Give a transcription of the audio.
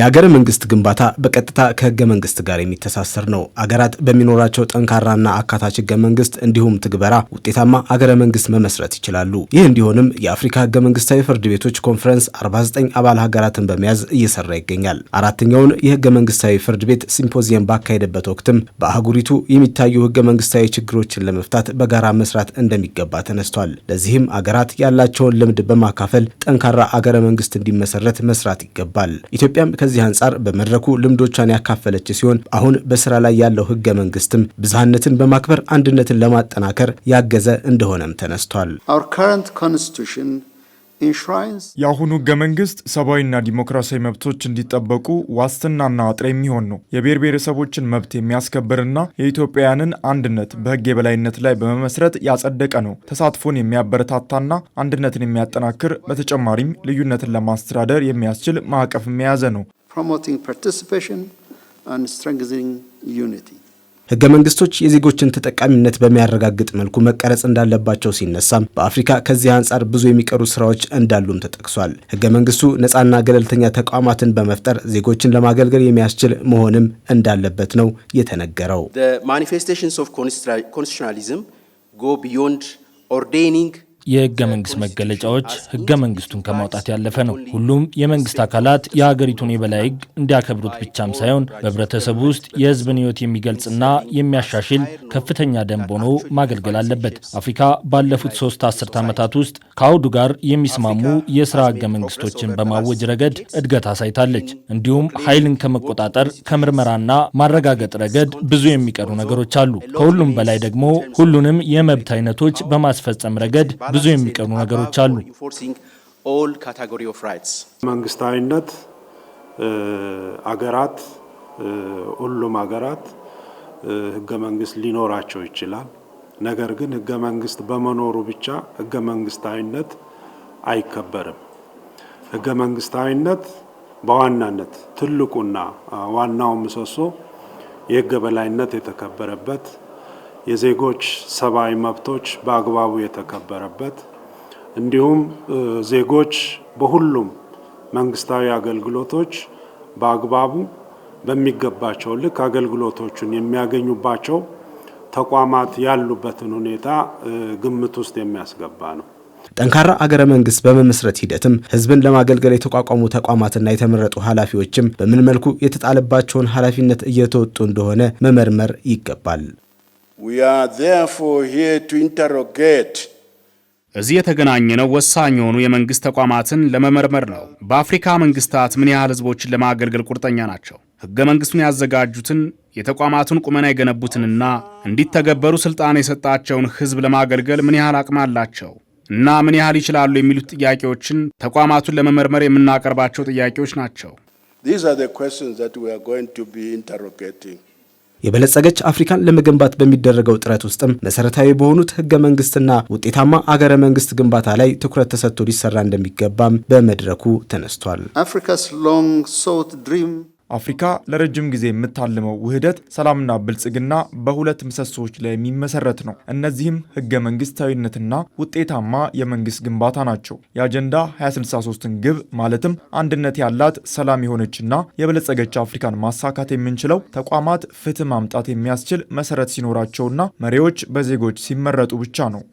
የሀገረ መንግስት ግንባታ በቀጥታ ከህገ መንግስት ጋር የሚተሳሰር ነው። አገራት በሚኖራቸው ጠንካራና አካታች ህገ መንግስት እንዲሁም ትግበራ ውጤታማ አገረ መንግስት መመስረት ይችላሉ። ይህ እንዲሆንም የአፍሪካ ህገ መንግስታዊ ፍርድ ቤቶች ኮንፈረንስ 49 አባል ሀገራትን በመያዝ እየሰራ ይገኛል። አራተኛውን የህገ መንግስታዊ ፍርድ ቤት ሲምፖዚየም ባካሄደበት ወቅትም በአህጉሪቱ የሚታዩ ህገ መንግስታዊ ችግሮችን ለመፍታት በጋራ መስራት እንደሚገባ ተነስቷል። ለዚህም አገራት ያላቸውን ልምድ በማካፈል ጠንካራ አገረ መንግስት እንዲመሰረት መስራት ይገባል። ኢትዮጵያም ከዚህ አንጻር በመድረኩ ልምዶቿን ያካፈለች ሲሆን አሁን በስራ ላይ ያለው ህገ መንግስትም ብዝሃነትን በማክበር አንድነትን ለማጠናከር ያገዘ እንደሆነም ተነስቷል። የአሁኑ ህገ መንግስት ሰብአዊና ዲሞክራሲያዊ መብቶች እንዲጠበቁ ዋስትናና አጥር የሚሆን ነው። የብሔር ብሔረሰቦችን መብት የሚያስከብርና የኢትዮጵያውያንን አንድነት በህግ የበላይነት ላይ በመመስረት ያጸደቀ ነው። ተሳትፎን የሚያበረታታና አንድነትን የሚያጠናክር በተጨማሪም ልዩነትን ለማስተዳደር የሚያስችል ማዕቀፍ የያዘ ነው። promoting participation and strengthening unity. ህገ መንግስቶች የዜጎችን ተጠቃሚነት በሚያረጋግጥ መልኩ መቀረጽ እንዳለባቸው ሲነሳም በአፍሪካ ከዚህ አንጻር ብዙ የሚቀሩ ስራዎች እንዳሉም ተጠቅሷል። ህገ መንግስቱ ነጻና ገለልተኛ ተቋማትን በመፍጠር ዜጎችን ለማገልገል የሚያስችል መሆንም እንዳለበት ነው የተነገረው። ማኒፌስቴሽንስ ኦፍ ኮንስቲቱሽናሊዝም ጎ ቢዮንድ ኦርዴኒንግ የህገ መንግስት መገለጫዎች ህገ መንግስቱን ከማውጣት ያለፈ ነው። ሁሉም የመንግስት አካላት የሀገሪቱን የበላይ ህግ እንዲያከብሩት ብቻም ሳይሆን በህብረተሰቡ ውስጥ የህዝብን ህይወት የሚገልጽና የሚያሻሽል ከፍተኛ ደንብ ሆኖ ማገልገል አለበት። አፍሪካ ባለፉት ሶስት አስርት ዓመታት ውስጥ ከአውዱ ጋር የሚስማሙ የስራ ህገ መንግስቶችን በማወጅ ረገድ እድገት አሳይታለች። እንዲሁም ኃይልን ከመቆጣጠር ከምርመራና ማረጋገጥ ረገድ ብዙ የሚቀሩ ነገሮች አሉ። ከሁሉም በላይ ደግሞ ሁሉንም የመብት አይነቶች በማስፈጸም ረገድ ብዙ የሚቀኑ ነገሮች አሉ። መንግስታዊነት አገራት ሁሉም አገራት ህገ መንግስት ሊኖራቸው ይችላል። ነገር ግን ህገ መንግስት በመኖሩ ብቻ ህገ መንግስታዊነት አይከበርም። ህገ መንግስታዊነት በዋናነት ትልቁና ዋናው ምሰሶ የህገ በላይነት የተከበረበት የዜጎች ሰብአዊ መብቶች በአግባቡ የተከበረበት እንዲሁም ዜጎች በሁሉም መንግስታዊ አገልግሎቶች በአግባቡ በሚገባቸው ልክ አገልግሎቶቹን የሚያገኙባቸው ተቋማት ያሉበትን ሁኔታ ግምት ውስጥ የሚያስገባ ነው። ጠንካራ አገረ መንግስት በመመስረት ሂደትም ህዝብን ለማገልገል የተቋቋሙ ተቋማትና የተመረጡ ኃላፊዎችም በምን መልኩ የተጣለባቸውን ኃላፊነት እየተወጡ እንደሆነ መመርመር ይገባል። We are therefore here to interrogate እዚህ የተገናኘነው ወሳኝ የሆኑ የመንግስት ተቋማትን ለመመርመር ነው። በአፍሪካ መንግስታት ምን ያህል ህዝቦችን ለማገልገል ቁርጠኛ ናቸው? ህገ መንግስቱን ያዘጋጁትን የተቋማቱን ቁመና የገነቡትንና እንዲተገበሩ ስልጣን የሰጣቸውን ህዝብ ለማገልገል ምን ያህል አቅም አላቸው እና ምን ያህል ይችላሉ የሚሉት ጥያቄዎችን ተቋማቱን ለመመርመር የምናቀርባቸው ጥያቄዎች ናቸው። የበለጸገች አፍሪካን ለመገንባት በሚደረገው ጥረት ውስጥም መሰረታዊ በሆኑት ህገ መንግስትና ውጤታማ አገረ መንግስት ግንባታ ላይ ትኩረት ተሰጥቶ ሊሰራ እንደሚገባም በመድረኩ ተነስቷል። አፍሪካ ለረጅም ጊዜ የምታልመው ውህደት ሰላምና ብልጽግና በሁለት ምሰሶዎች ላይ የሚመሰረት ነው። እነዚህም ህገ መንግስታዊነትና ውጤታማ የመንግስት ግንባታ ናቸው። የአጀንዳ 2063ን ግብ ማለትም አንድነት ያላት ሰላም የሆነችና የበለጸገች አፍሪካን ማሳካት የምንችለው ተቋማት ፍትህ ማምጣት የሚያስችል መሰረት ሲኖራቸውና መሪዎች በዜጎች ሲመረጡ ብቻ ነው።